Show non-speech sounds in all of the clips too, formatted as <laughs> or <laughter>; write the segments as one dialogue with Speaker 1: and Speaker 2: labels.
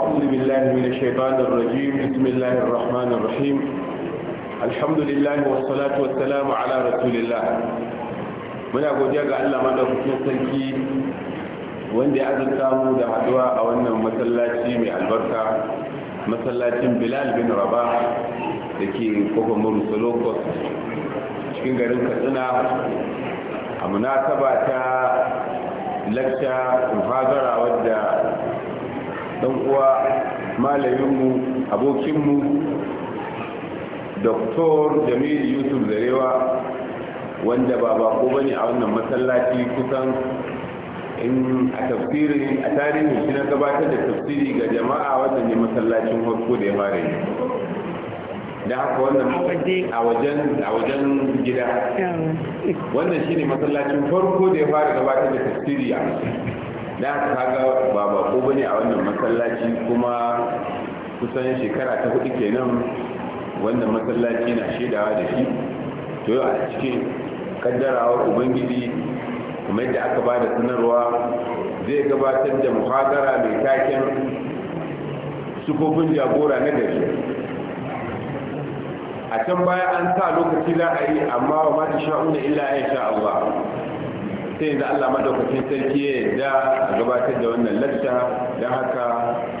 Speaker 1: أعوذ بالله من الشيطان الرجيم بسم الله الرحمن الرحيم الحمد لله والصلاة والسلام على رسول الله من أقول جاء ألا ما نفتن سنكي وان دي عزل تامو دا حدوى أو أنه مسلاتي من البركة مسلاتي بلال بن رباح لكي كوكو مرسلوكوس cikin garin katsina a munasaba ta lakta muhazara wadda dan uwa malaminmu abokinmu doktor jamilu yusuf zarewa wanda ba ba ba ne a wannan masallaci kusan in a tafsirin a tarihin shi na gabatar da tafsiri ga jama'a wannan ne masallacin farko da ya fara yi da haka wannan a wajen a wajen gida wannan shi ne masallacin farko da ya fara gabatar da tafsiri a da kaga ba bako bane a wannan masallaci kuma kusan shekara ta hudu kenan wannan masallaci na shaidawa da shi to a cikin kaddarawa ubangiji kuma yadda aka ba da sanarwa zai gabatar da muhadara mai taken sukofin jagora na gari a can baya an sa lokaci za a yi amma wa mata sha'una illa ya sha Allah sai da Allah madaukakin sarki ya yarda a gabatar da wannan lacca don haka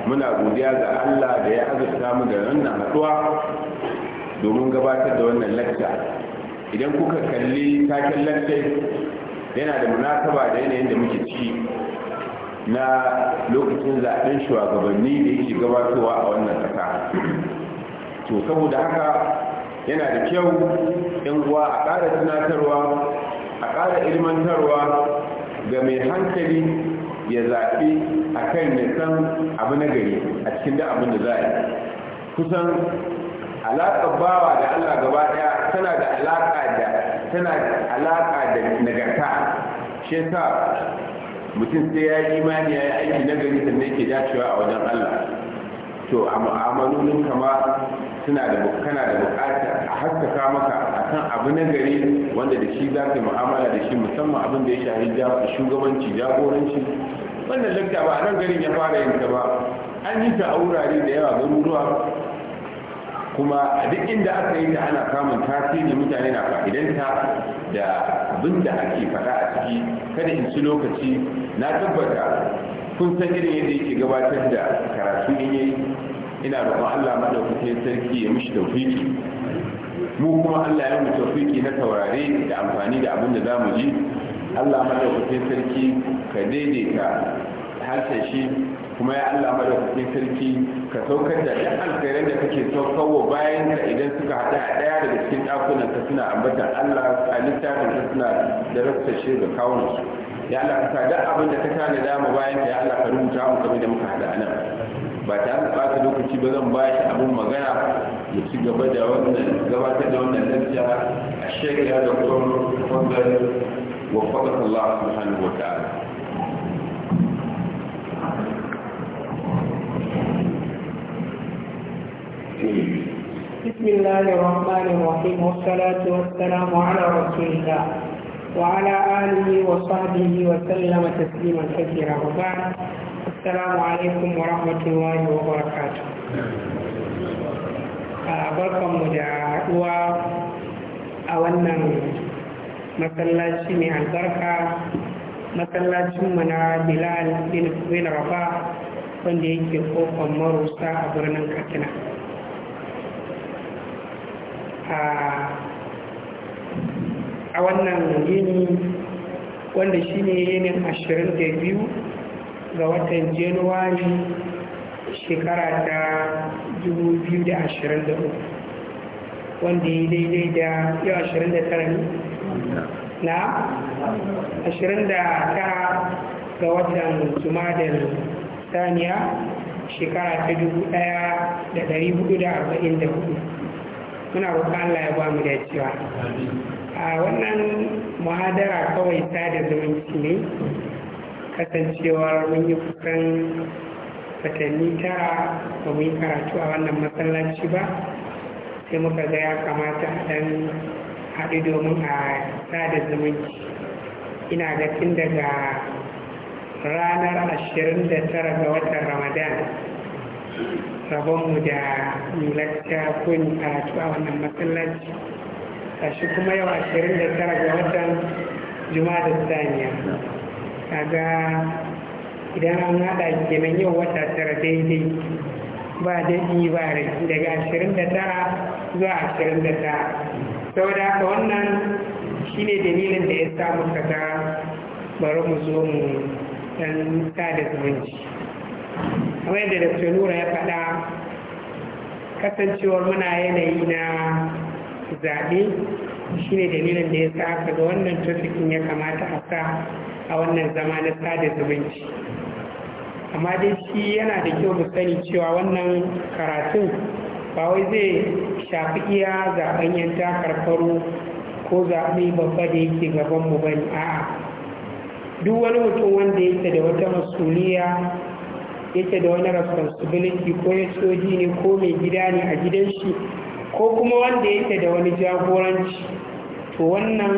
Speaker 1: muna godiya ga Allah da ya azurta mu da wannan haɗuwa domin gabatar da wannan lacca idan kuka kalli taken laccar yana da munasaba da yanayin da muke ciki na lokacin zaɓen shugabanni da yake gabatowa a wannan ƙasa to saboda haka yana da kyau yan uwa a ƙara tunatarwa ƙara ilmantarwa ga mai hankali ya zafi a kan mai san abu na gari a cikin da abin da za a yi kusan alaƙar bawa da allah gaba ɗaya tana da alaƙa da tana da alaƙa da nagarta shi sa mutum sai ya yi imani ya yi aiki na gari sannan ke dacewa a wajen allah to a mu'amalolin kama suna da kana da bukata a haskaka maka akan abu na gari wanda da shi za ka mu'amala da shi musamman abin da ya shahi shugabanci jagoranci wannan lakta ba a nan garin ya fara yin ta ba an yi ta a wurare da yawa garuruwa kuma a duk inda aka yi ta ana samun tasiri mutane na fa'idanta da abin da ake faɗa a ciki kada in ci lokaci na tabbata kun san irin yadda yake gabatar da karatu in yayi ina roƙon Allah madaukakin sarki ya mishi tawfiki mu kuma Allah ya mu tawfiki na taurare da amfani da abin da zamu ji Allah madaukakin sarki ka daidaita harshen shi kuma ya Allah madaukakin sarki ka saukar da duk alkhairan da kake saukarwa bayan ka idan suka hada a daya daga cikin ɗakunan ka suna ambatan Allah a littafin ka suna da rasta da kawunansu ya Allah ka sa abin da ka tanada mu bayan ya Allah ka rubuta mu kamar da muka hada anan ba ta da ɓata lokaci ba zan ba shi abin magana ya ci gaba da wannan gabatar da wannan lafiya a shekara da kuma fadar wa fadar Allah subhanahu wa ta'ala
Speaker 2: بسم الله الرحمن الرحيم والصلاة والسلام على رسول الله وعلى آله وصحبه وسلم تسليما كثيرا وبعد السلام عليكم ورحمة الله وبركاته barkan mu da haɗuwa a wannan masallaci mai albarka masallacinmu na bilal bin rafa wanda yake kofan marusa a birnin katsina a wannan yini wanda shi ne yinin 22 ga watan januwari shekara ta 2023 wanda yi daidai da yau 29 na 29 ga watan jumadar saniya shekara ta 1444 muna roƙon Allah ya ba mu da cewa a wannan muhadara kawai sada zumunci ne kasancewar mun yi kusan watanni tara ba mu yi karatu a wannan masallaci ba sai muka ga ya kamata a dan haɗu domin a sada zumunci ina ga tun daga ranar ashirin da tara ga watan ramadan rabonmu da lakta ko karatu a wannan masallaci kashi kuma yau ashirin da tara ga watan juma'a saniya kaga idan an haɗa kenan yau wata tara daidai ba daɗi ba rai daga ashirin da tara zuwa ashirin da tara saboda haka wannan shine dalilin da ya samu ta bari mu zo mu dan da zumunci kamar yadda da nura ya faɗa kasancewar muna yanayi na zaɓe shi ne dalilin da ya sa aka ga wannan tafikin ya kamata a sa a wannan zama na sada zumunci amma dai shi yana da kyau mu sani cewa wannan karatun ba wai zai shafi iya zaɓen yan takar faro ko zaɓe babba da yake gaban mu bane a'a duk wani mutum wanda yake da wata masuliya yake da wani responsibility ko ya soji ne ko mai gida ne a gidan shi ko kuma wanda yake da wani jagoranci to wannan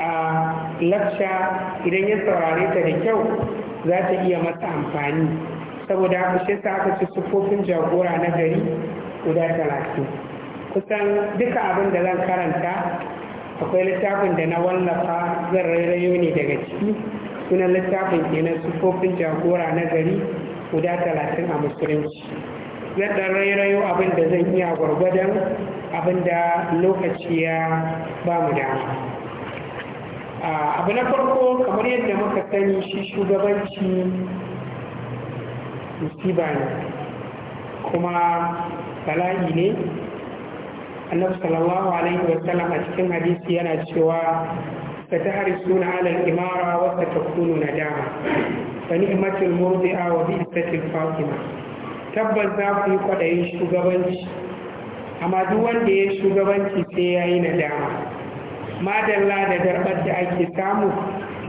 Speaker 2: a idan ya saurare ta da kyau za ta iya masa amfani saboda haka shi sa aka ci sufofin jagora na gari guda talatin kusan duka abin da zan karanta akwai littafin da na wallafa zan rairayo ne daga ciki sunan littafin kenan sufofin jagora na gari guda talatin a musulunci na ɗan rairayo abin da zan iya gwargwadon abin da lokaci ya ba mu dama abu na farko kamar yadda muka sani shi shugabanci musiba ne kuma bala'i ne annabi sallallahu alaihi wasallam a cikin hadisi yana cewa ta ta suna alal imara wata ta kunu na dama fa ni'matul murdi'a wa bi'satil fatima tabbas za ku yi yin shugabanci amma duk wanda ya shugabanci sai ya yi nadama madalla da darbar da ake samu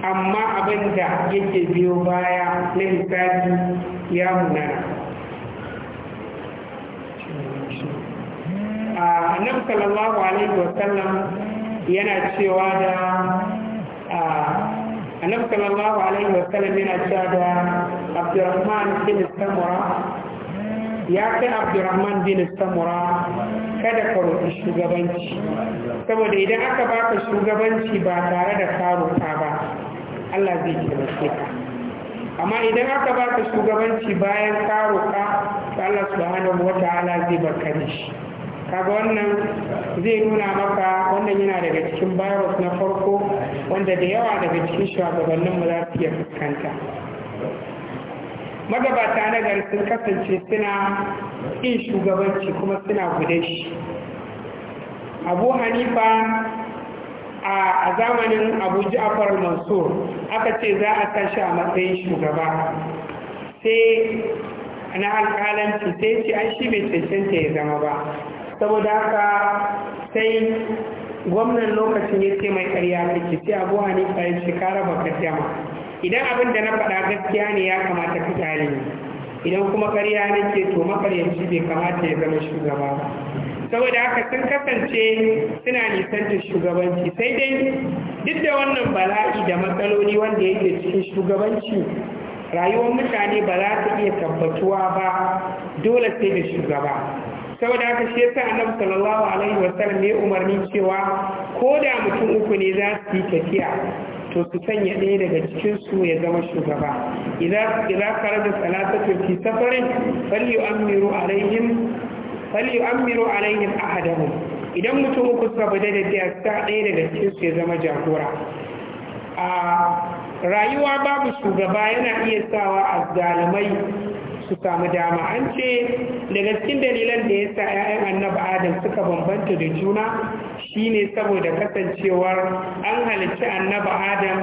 Speaker 2: amma abin da yake biyo baya na hisabi ya munana a nan sallallahu alaihi wasallam yana cewa da a nan sallallahu alaihi wasallam yana cewa da abdurrahman bin samura ya kai abdurrahman bin samura kada ka roƙi shugabanci saboda idan aka baka shugabanci ba tare da karuka ba allah zai taimake ka amma idan aka baka shugabanci bayan karuka to allah subhanahu wa ta'ala zai barka shi kaga wannan zai nuna maka wannan yana daga cikin virus na farko wanda da yawa daga cikin shugabanninmu za su iya fuskanta magabata na gari sun kasance suna in shugabanci kuma suna gudan shi abu hanifa a zamanin abu ja'afar mansur aka ce za a sa a matsayin shugaba sai na alkalanci sai ce an shi mai cancanta ya zama ba saboda haka sai gwamnan lokacin ya ce mai ƙarya rikici abu hanifa ya ce 'Ka bakar jama'a idan abin da na faɗa gaskiya ne ya kamata ka tare idan kuma ƙarya ke, to makaryaci bai kamata ya zama shugaba ba saboda haka sun kasance suna nisantar shugabanci sai dai duk da wannan bala'i da matsaloli wanda yake cikin shugabanci rayuwar mutane ba za ta iya tabbatuwa ba dole sai da shugaba saboda haka shi yasa annabi sallallahu alaihi wasallam ya umarni cewa ko da mutum uku ne za su yi tafiya to su sanya ɗaya daga cikin su ya zama shugaba idan idan kare da salatatu fi safarin falyu'ammiru alaihim a alaihim ahadahum idan mutum uku suka bada da ya sa ɗaya daga cikinsu ya zama jagora a rayuwa babu shugaba yana iya sawa a zalimai su samu dama an ce daga cikin dalilan da ya sa 'ya'yan annabi adam suka bambanta da juna shine saboda kasancewar an halici annabi adam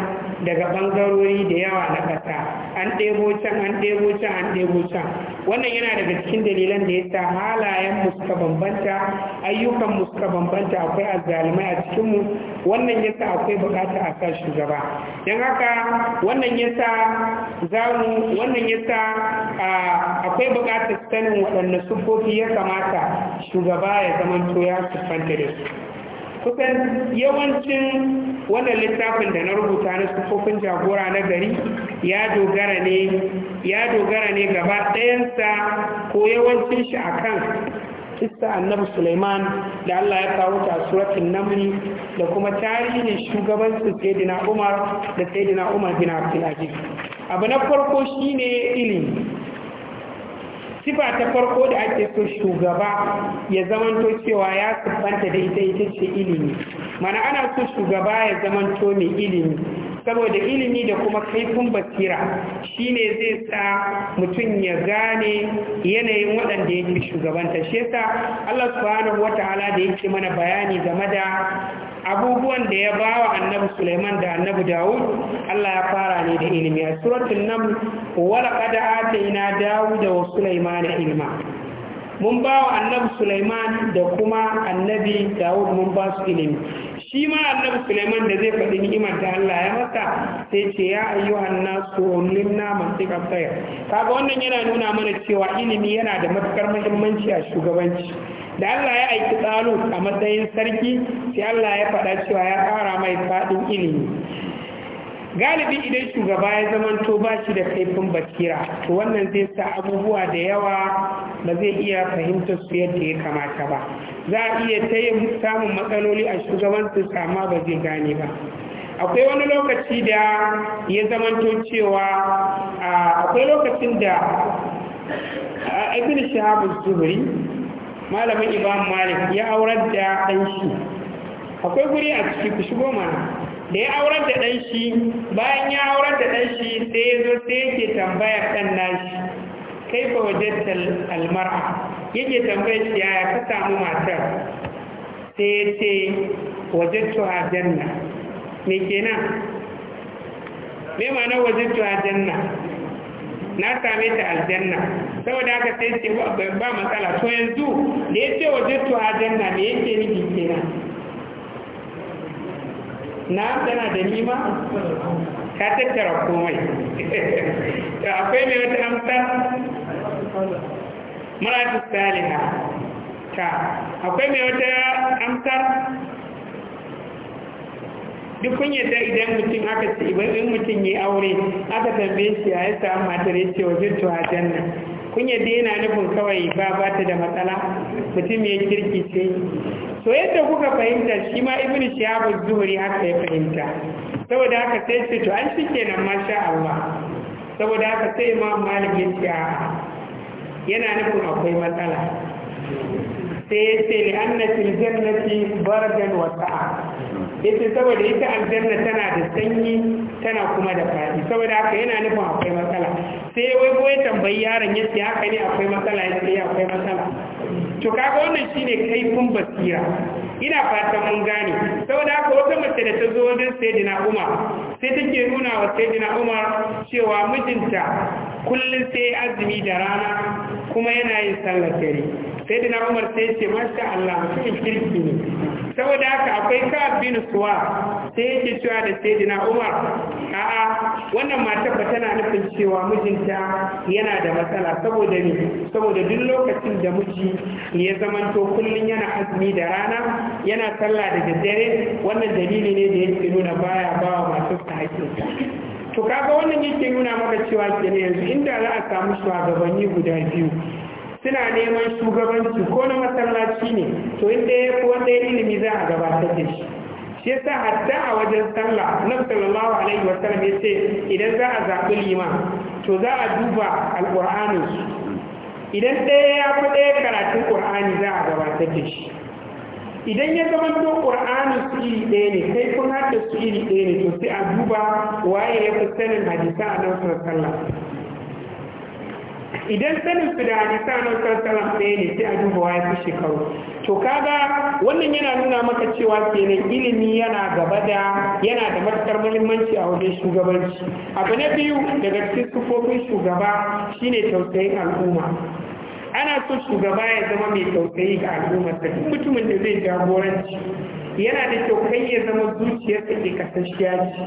Speaker 2: daga ɓangarori da yawa na ƙasa an ɗebo can an ɗebo can an ɗebo can wannan yana daga cikin dalilan da ya sa halayen mu suka bambanta ayyukan mu suka bambanta akwai azzalumai a cikinmu mu wannan sa akwai bukata a sa shugaba don haka wannan sa za mu wannan yasa a ah, akwai buƙatar sanin waɗanne sufofi ya kamata shugaba ya zamanto ya siffanta da su kusan yawancin wannan littafin da na rubuta na sufofin jagora na gari ya dogara ne ya dogara ne gaba ɗayansa ko yawancin shi a kan kista annabi Suleiman da Allah ya kawo ta suratun namri da kuma tarihin shugabancin Saidina Umar da Saidina Umar bin Abdul abu na farko shine ilimi sifa ta farko da ake so shugaba ya zamanto cewa ya siffanta da ita ita ce ilimi mana ana so shugaba ya zamanto mai ilimi saboda ilimi da kuma kaifin basira shine zai sa mutum ya gane yanayin waɗanda yake shugabanta shi yasa Allah subhanahu wataala da yake mana bayani game da abubuwan da ya ba wa annabi Sulaiman da annabi Dawud Allah ya fara ne da ilimi a suratul naml wala ina atayna Dawuda wa Sulaimana ilma mun ba wa annabi Sulaiman da kuma annabi Dawud mun ba su ilimi shi ma annabi Suleiman da zai faɗi ni'imar da Allah ya masa sai ce ya ayyuhan nasu ulimna tika tsaya. kaga wannan yana nuna mana cewa ilimi yana da matukar muhimmanci a shugabanci da Allah ya aiki Talut a matsayin sarki sai Allah ya faɗa cewa ya ƙara mai faɗin ilimi galibi idan shugaba ya zamanto ba shi da kaifin bakira to wannan zai sa abubuwa da yawa ba zai iya fahimtar su yadda ya kamata ba za a iya ta yin samun matsaloli a shugabancin amma ba zai gane ba akwai wani lokaci da ya to cewa akwai lokacin da ibn shahabu zuhri malamin Ibrahim, malik ya aurar da ɗan shi akwai guri a ciki ku shigo mana da ya auren da ɗan shi bayan ya auren da ɗan shi sai ya zo sai yake tambaya kan nashi kai ba wajattal almar'a yake tambayar shi yaya ka samu matar sai ya ce wajattuha janna me kenan me ma'anar wajattuha janna na same ta aljanna saboda haka sai ce ba matsala to yanzu da ya ce wajattuha janna me yake nufi kenan na tana da nima ka tattara komai to akwai mai wata amsa maratu saliha ta akwai mai wata amsa duk kun yadda idan mutum aka ce ibanin mutum ya aure aka tambaye shi a yasa amma tare ya ce wajen tuwa jannan kunya da yana nufin kawai ba ba ta da matsala mutum ya kirki ce to yadda kuka fahimta shi ma ibn shahabu zuhuri, haka ya fahimta saboda haka sai ce to an shike nan masha Allah saboda haka sai imam malik ya ce yana nufin akwai matsala sai ya ce li jannati baradan wa sa'a yace saboda ita aljanna tana da sanyi tana kuma da fadi saboda haka yana nufin akwai matsala sai wai ko ya tambayi yaron ya yace haka ne akwai matsala ya ce eh, akwai matsala to kaga wannan shine kaifin basira ina fatan mun gane saboda haka wata mace da ta zo wajen sayyidina Umar sai take nuna wa saidina Umar cewa mijinta kullum sai azumi da rana kuma yana yin sallar dare sayyidina Umar sai ce masha Allah mutum kirki ne saboda haka akwai ka'ab bin suwa sai yake cewa da sayyidina umar a'a wannan matar ba tana nufin cewa mijinta yana da matsala saboda ne saboda duk lokacin da miji ya zamanto kullum yana azumi da rana yana sallah da daddare wannan dalili ne da yake nuna baya bawa matarsa ta. to kaga wannan yake nuna maka cewa kenan yanzu inda za a samu shugabanni guda biyu suna neman shugabanci ko na masallaci ne to inda ya fi wanda ya ilimi za a gabatar da shi shi yasa hatta a wajen sallah na sallallahu alaihi wasallam ya ce idan za a zaɓi liman to za a duba alƙur'anin idan ɗaya ya fi ɗaya karatun ƙur'ani za a gabatar da shi idan ya zama to ƙur'ani su iri ɗaya ne kai kun haɗa su iri ɗaya ne to sai a duba waye ya fi sanin hadisa a nan sallah idan sanin su da hadisan nan sassalan ɗaya ne sai a duba wa fi shekaru to kaga wannan yana nuna maka cewa kenan ilimi yana gaba da yana da matukar muhimmanci a wajen shugabanci abu na biyu daga cikin sufofin shugaba shine tausayin al'umma ana so shugaba ya zama mai tausayi ga al'ummar duk mutumin da zai jagoranci yana da kyau kai ya zama zuciyar da ke kasashiya ce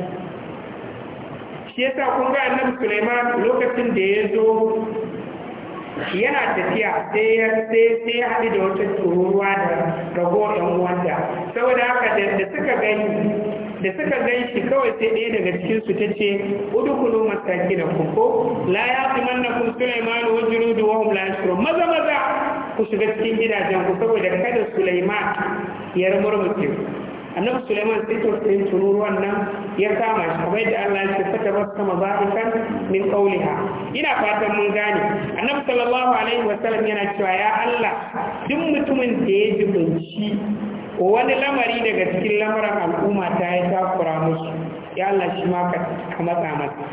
Speaker 2: shi yasa kun ga annabi Sulaiman lokacin da ya zo yana tafiya sai ya sai sai haɗu da wata tururuwa da ragowar ɗan uwanta saboda haka da suka gani da suka gan shi kawai sai ɗaya daga cikin su tace udkhulu da kuko la ya kun sulaiman wa junudu wa hum la yashurun maza maza ku shiga cikin gidajen ku saboda kada sulaiman ya rumurmuce ku annabi suleiman sai to sai tururuwan nan ya kama shi kamar da Allah ya ce fata basta mazahikan min qawliha ina fatan mun gane annabi sallallahu alaihi sallam yana cewa ya Allah duk mutumin da ya ji jibinci wani lamari daga cikin lamarin al'umma ta ya takura musu ya Allah shi ma ka matsa masa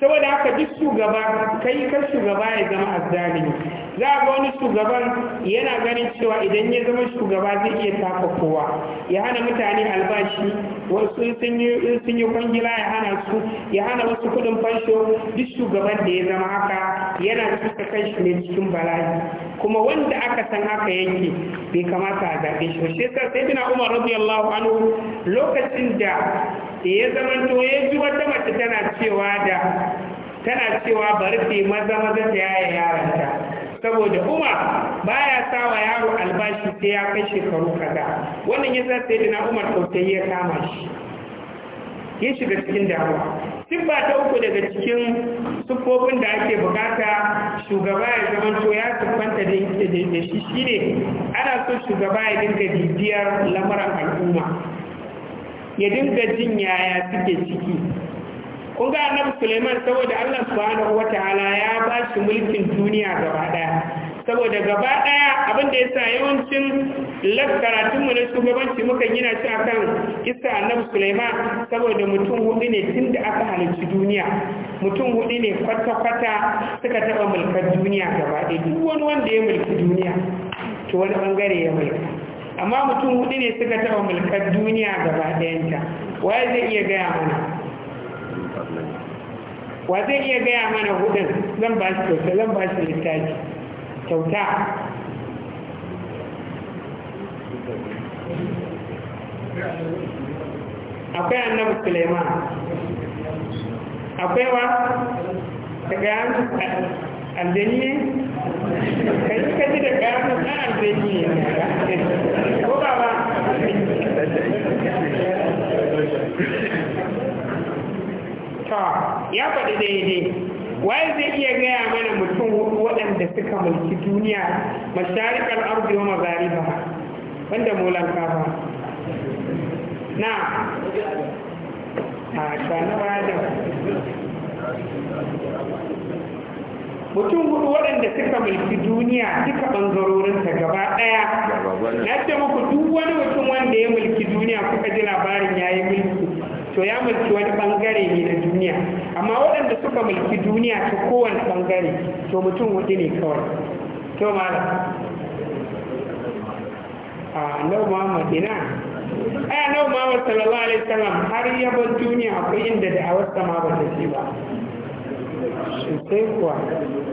Speaker 2: saboda haka duk shugaba kai kan shugaba ya zama azzalimi za ga wani shugaban yana ganin cewa idan ya zama shugaba zai iya taka kowa ya hana mutane albashi wasu sun yi kwangila ya hana su ya hana wasu kudin fansho duk shugaban da ya zama haka yana cuta kanshi ne cikin bala'i kuma wanda aka san haka yake bai kamata a zaɓe shi ba shi yasa sai bina umar radiyallahu anhu lokacin da ya zama zamanto ya ji wata mace tana cewa da tana cewa bari ta maza maza ta yaya yaranta saboda umar ya sa wa yaro albashi sai ya kai shekaru kaza wannan ya sa sai na umar tausayi ya kama shi ya shiga cikin damuwa ba ta uku daga cikin sufofin da ake bukata shugaba ya zama to ya sufanta da shi shine ana so shugaba ya dinga bibiyar lamarin al'umma ya dinga jin yaya suke ciki kun ga annabi Suleiman saboda Allah subhanahu wataala ya ba shi mulkin duniya gaba daya saboda gaba daya abin da yasa yawancin lakkaratun mu na shugabanci muka gina shi akan isa annabi Suleiman saboda mutum hudu ne tunda aka halarci duniya mutum hudu ne kwata-kwata suka taba mulkar duniya gaba daya duk wani wanda ya mulki duniya to wani bangare ya mulki. amma mutum hudu ne suka taba mulkar duniya gaba dayanta waye zai iya gaya mana wa zai iya gaya mana hudun zan ba shi kyauta zan ba shi littafi kyauta akwai annabi suleiman akwai wa gaya yanzu aljani ne kai suka ji da kayan na aljani ne ko ba ba ta ya faɗi daidai waye zai iya gaya mana mutum waɗanda suka mulki duniya masharikar mazari ba? wanda molanka ba na a shanu adam
Speaker 3: mutum hudu waɗanda suka mulki duniya duka ɓangarorinta gaba ɗaya na ce muku duk wani mutum wanda ya mulki duniya kuka
Speaker 2: ji labarin ya yi mulki to ya mulki wani bangare ne na duniya amma waɗanda suka mulki duniya ta kowane bangare to mutum wani ne kawai to mala a nau muhammad ina aya nau muhammad sallallahu alaihi wasallam har yabon duniya akwai inda da a wasu ma ba ta ce ba sosai kuwa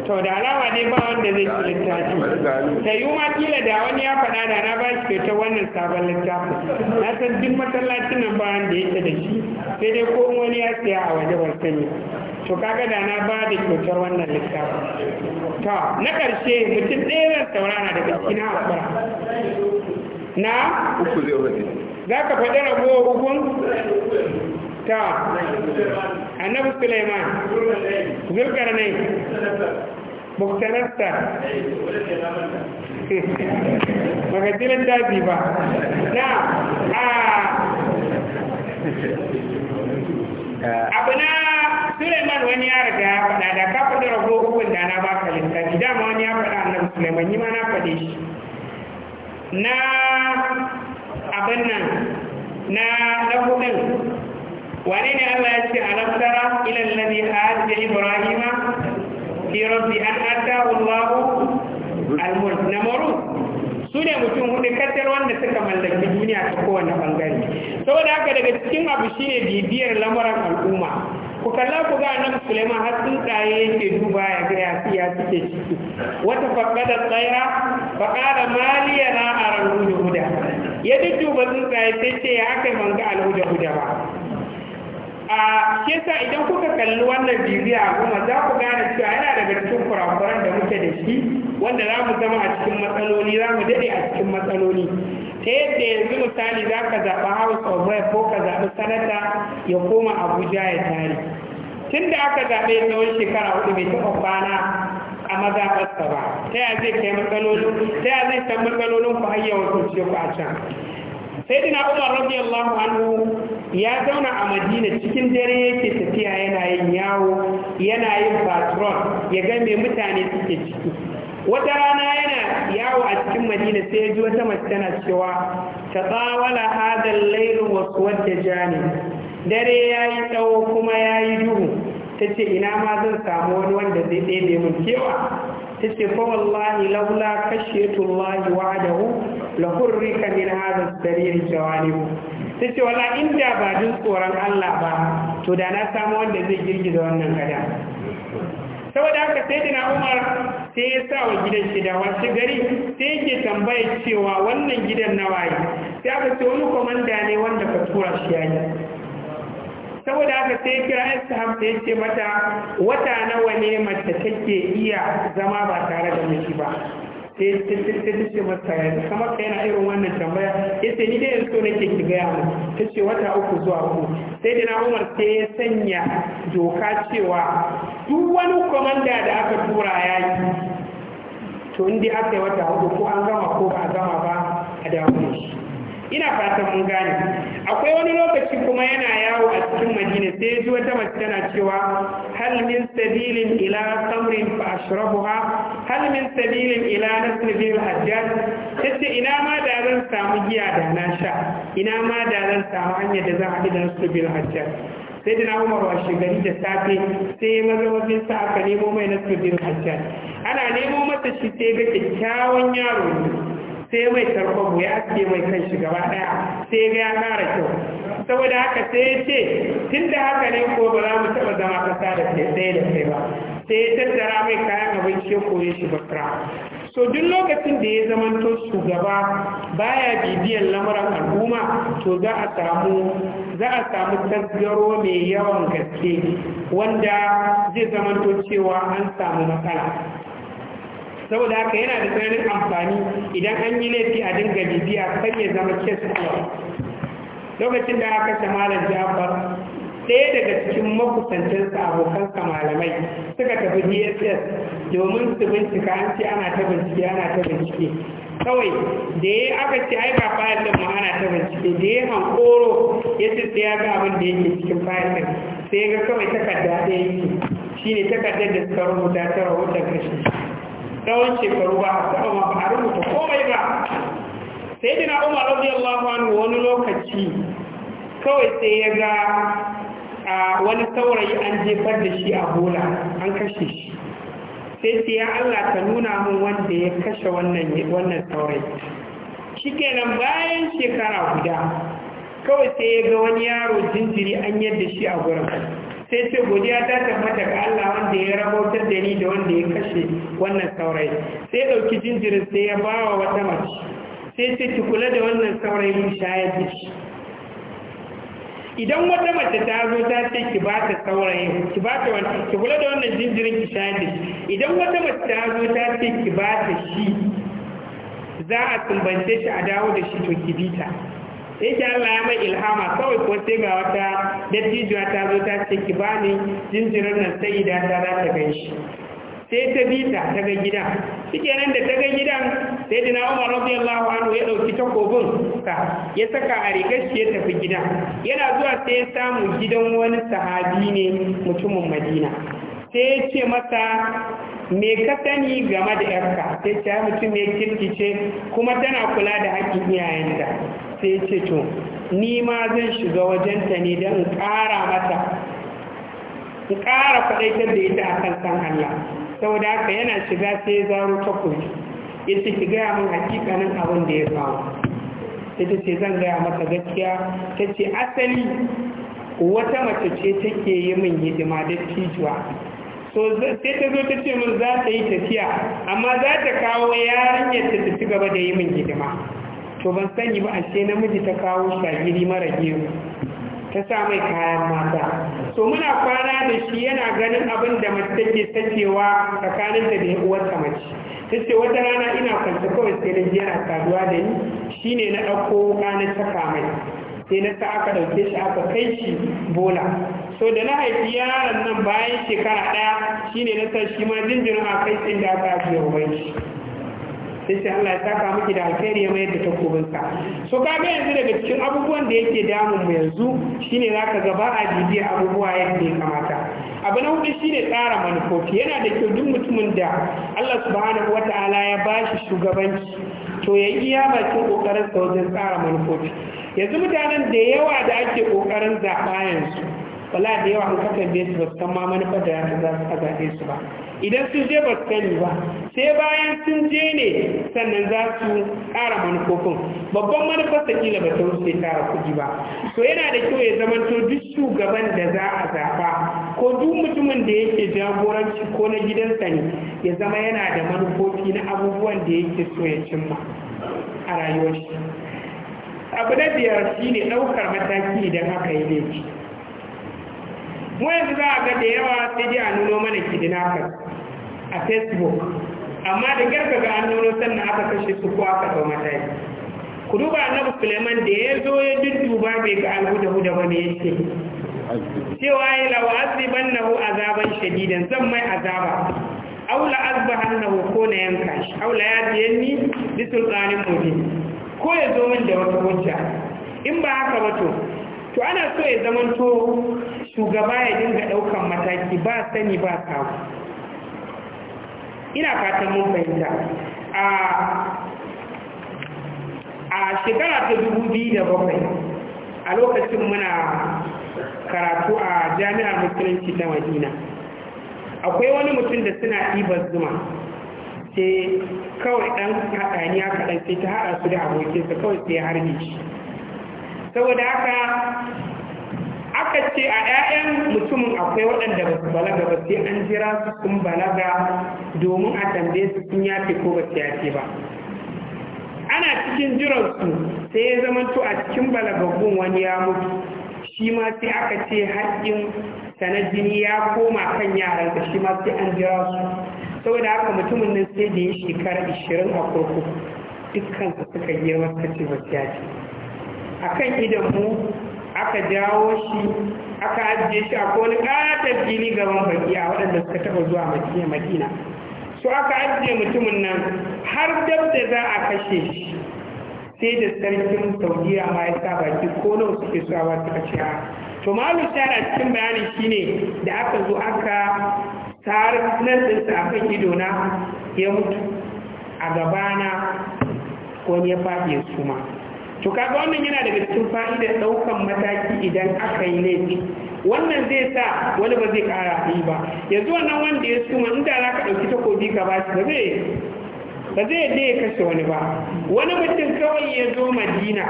Speaker 2: to da alama ne ba wanda zai ci littafi Ta yi ma kila da wani ya faɗa da na ba shi ta wannan sabon littafin na san duk masallacin nan ba wanda yake da shi sai dai ko wani ya siya a waje ban sani to kaga da na ba da kyautar wannan littafin to na ƙarshe mutum ɗaya zan saurara da cikin haƙura na uku zai za ka faɗi ragowar hukun? ta annabi suleiman zulkarnai muktanarsa magajilan daji ba na a abu na suleiman wani ya riga ya da ka faɗi rago hukun da na baka littafi dama wani ya faɗa annabi suleiman yi ma na faɗe shi na abin nan na hudun wane ne Allah ya ce alam tara ila allazi hajja ibrahima fi rabbi an Allah al-mulk namurud Sune mutum hudu katar wanda suka mallaki duniya ta kowane bangare saboda haka daga cikin abu shine bibiyar lamuran al'umma ku kalla ku ga annabi Sulaiman har tsuntsaye yake duba ya ga ya suke ciki wata faqada tsaira faqala maliya na aran huda ya dudduba tsuntsaye sai ce ya aka manga al huda ba a kesa, idan kuka kalli wannan bibiya goma za ku gane cewa yana daga cikin kurakuran da muke da shi wanda za mu zama a cikin matsaloli za mu daɗe a cikin matsaloli ta yadda yanzu misali za ka zaɓa house of rep ko ka zaɓi sanata ya koma abuja ya tare tun da aka zaɓe tsawon shekara hudu bai taɓa kwana a mazaɓarsa ba ta yaya zai kai matsalolin ta yaya zai san matsalolin ku har ce ku a can Sai dina umar allah anhu ya zauna a madina cikin dare yake tafiya yana yin yawo yana yin patron ya ga mai mutane suke ciki wata rana yana yawo a cikin madina sai ya ji wata mace tana cewa ta tsawala hadal lailu wasu wadda jani dare ya yi tsawo kuma ya yi duhu ta ce ina ma zan samu wani wanda zai ɗaya mai kewa ta ce fa wallahi laula kashiyatullahi wa'adahu la hurrika min hadha sarir jawanibu sai ce wala da ba jin tsoron Allah ba to da na samu wanda zai girgiza wannan gada saboda haka sai dina Umar sai ya sa wa gidan shi da wasu gari sai yake tambaya cewa wannan gidan na waye sai aka ce wani komanda ne wanda ka tura shi yi saboda haka sai kira Ishaq sai ya ce mata wata nawa ne mace take iya zama ba tare da miji ba sai ta ce mata ya kamar ka yana irin wannan tambaya ya ce ni dai yanzu nake ki gaya mu ta ce wata uku zuwa uku sai dina umar sai ya sanya doka cewa duk wani kwamanda da aka tura yaki to dai aka yi wata hudu ko an gama ko ba a gama ba a damu shi ina fatan mun gane akwai wani lokaci kuma yana yawo a cikin madina sai ji wata mace tana cewa hal min sabilin ila samrin fa ashrabuha hal min sabilin ila nasl hajjaj tace ina ma da zan samu giya da na sha ina ma da zan samu hanyar da zan haɗu da nasl hajjaj sai da na umar washe gari da safe sai ya maza wajen sa aka nemo mai nasir bin ana nemo masa shi sai ga kyakkyawan yaro ne sai mai tarfon ya aske mai kan shi gaba daya sai ga ya kara kyau saboda haka sai ya ce tun da haka ne ko ba za mu taɓa zama kasa da sai da sai ba sai ya tattara mai kayan abinci ya koye shi bakra so duk lokacin da ya zamanto shugaba baya bibiyan lamuran al'umma to za a samu za a samu tasgaro mai yawan gaske wanda zai zamanto cewa an samu matsala saboda haka yana da tsananin amfani idan an yi laifi a dinga bibiya kan ya zama kes lokacin da aka kashe malam jafar ɗaya daga cikin abokan abokansa malamai suka tafi dss domin su bincika an ce ana ta bincike ana ta bincike kawai da ya aka ce ai ba fayil ɗin ma ana ta bincike da ya hankoro ya ce ya ga abin da yake cikin fayil ɗin, sai ga kawai takarda ɗaya yake shine takardar da suka rubuta ta rahoton kashi tsawon shekaru ba a taɓa ma ba a rubuta komai ba sai dina umar radiyallahu anhu wani lokaci kawai sai ya ga wani saurayi an jefar da shi a bola an kashe shi sai sai ya Allah ta nuna mun wanda ya kashe wannan wannan saurayi shikenan bayan shekara guda kawai sai ya ga wani yaro jinjiri an yadda shi a gurin sai ce godiya ta tabbata ga Allah wanda ya rabautar da ni da wanda ya kashe wannan saurayi sai ɗauki jinjirin sai ya bawa wata mace sai ce ki kula da wannan saurayi shayar da shi idan wata mace ta zo ta ce ki ba ta saurayin ki ba ta wannan ki kula da wannan jinjirin ki shayar da shi idan wata mace ta zo ta ce ki ba ta shi za a tumbance shi a dawo da shi to ki bi ta da Allah ya mai ilhama kawai ko sai ga wata dattijuwa ta zo ta ce ki bani jinjirin nan sai da ta za ta gan shi sai ta bi ta ta ga gidan shikenan da ta ga gidan sai dina Umar radiyallahu anhu ya ɗauki takobin ka ya saka a rigar shi ya tafi gidan yana zuwa sai ya samu gidan wani sahabi ne mutumin Madina sai ya ce masa me ka sani game da yarka sai ce mutum mai kirkice kuma tana kula da haƙƙin iyayenta sai ce to ni ma zan shiga wajenta ne don in ƙara mata in ƙara faɗaitar da ita a kan san Allah saboda haka yana shiga sai zaro takwas, ya ce ki gaya min hakikanin abin da ya faru ita ce zan gaya maka gaskiya ta ce asali wata mace ce take yi min hidima da tijuwa sai ta zo ta ce min za ta yi tafiya amma za ta kawo yarinyar ta tafi gaba da yi min hidima to ban sani ba ashe namiji ta kawo shagiri mara gero ta sa mai kayan mata to muna kwana da shi yana ganin abin da mace take sakewa tsakanin da bai uwarta mace ta ce wata rana ina kwanta kawai sai na jiya a saduwa da ni shine na ɗauko ranar saka mai sai na sa aka dauke shi aka kai shi bola so da na haifi yaron nan bayan shekara ɗaya shine na sa shi ma jinjirin a kai tsin da aka ajiye wa shi sai sai Allah ya saka miki da alkhairi ya mayar da takobinsa so ka ga yanzu daga cikin abubuwan da yake damun mu yanzu shine za ga ba a bibiya abubuwa yadda ya kamata abu na hudu shine tsara manufofi yana da kyau duk mutumin da Allah subhanahu wataala ya bashi shugabanci to ya iya bakin kokarin sa wajen tsara manufofi yanzu mutanen da yawa da ake kokarin zaɓa yanzu wala da yawa an kakan da su ba san ma manufar da za su zaɓe su ba idan sun je ba sani ba sai bayan sun je ne sannan za su ƙara manufofin babban manufar ta kila ba ta wuce tara kuɗi ba to yana da kyau ya zamanto duk shugaban da za a zaɓa ko duk mutumin da yake jagoranci ko na gidansa ne ya zama yana da manufofi na abubuwan da yake so ya cimma a rayuwar shi abu na biyar shi ne ɗaukar mataki idan haka yi laifi mu yanzu za a ga da yawa sai dai a nuno mana kidnappers a facebook amma da garka ga an nuno sannan aka kashe su ko aka zo mataki ku duba annabi suleiman da ya zo ya dudduba bai ga alhuda-huda ba ne ya ce cewa ya lawa asiban na hu azaban shadidan zan mai azaba aula azba na ko na yanka shi aula ya biyan ni bisultanin mutum ko ya zo min da wata hujja in ba haka ba to to ana so ya zamanto shugaba ya dinga ɗaukan mataki ba sani ba kawo ina fatan mun fahimta a a shekara ta bakwai, a lokacin muna karatu a jami'ar musulunci ta madina akwai wani mutum da suna ɗibar zuma sai kawai ɗan haɗaniya kaɗan sai ta haɗa su da abokinsa kawai sai harbe shi saboda haka aka ce a 'ya'yan mutumin akwai waɗanda ba su balaga ba sai an jira su sun balaga domin a tambaye su sun yafe ko ba su yafe ba ana cikin jiransu sai ya zama to a cikin balagaggun wani ya mutu shi ma sai aka ce haƙƙin sanadini ya koma kan yaransa shi ma sai an jira su saboda haka mutumin nan sai da ya shekara ishirin a kurkuku dukkan su suka yi suka ce ba ya ce a kan idan mu aka jawo shi aka ajiye shi a wani ƙatar fili gaban baki a waɗanda suka taɓa zuwa madina madina su aka ajiye mutumin nan har dab da za a kashe shi sai da sarkin saudiya ma ya sa baki ko na suke ke a ba suka ce to malu shara cikin bayanin shine da aka zo aka ta har nasinsa a kan idona ya mutu a gabana ko ya faɗi ya suma to kaga wannan yana daga cikin da ɗaukan mataki idan aka yi laifi wannan zai sa wani ba zai ƙara yi ba yanzu wannan wanda ya suma inda za ka ɗauki takobi ka ba shi ba zai ba zai yadda ya kashe wani ba wani mutum kawai ya zo madina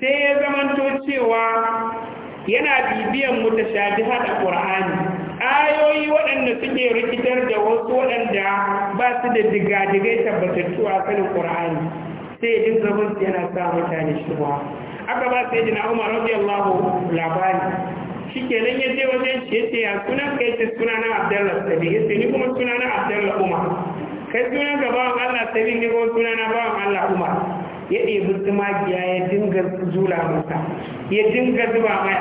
Speaker 2: sai ya zamanto cewa yana bibiyan mu shafi haɗa ƙur'ani ayoyi waɗanda suke rikitar da wasu waɗanda ba su da digadigai tabbatattu a kan ƙur'ani sai ya dinga su yana sa mutane ba aka ba sai jina umar radiyallahu labari shi kenan ya je wajen shi ya ce ya suna kai ce suna na abdallah sabi ya ce ni kuma suna na abdallah umar kai sunan ga bawan allah sabi ne kuma suna na bawan allah umar ya ɗebi magiya ya dinga zula masa ya dinga zuba mai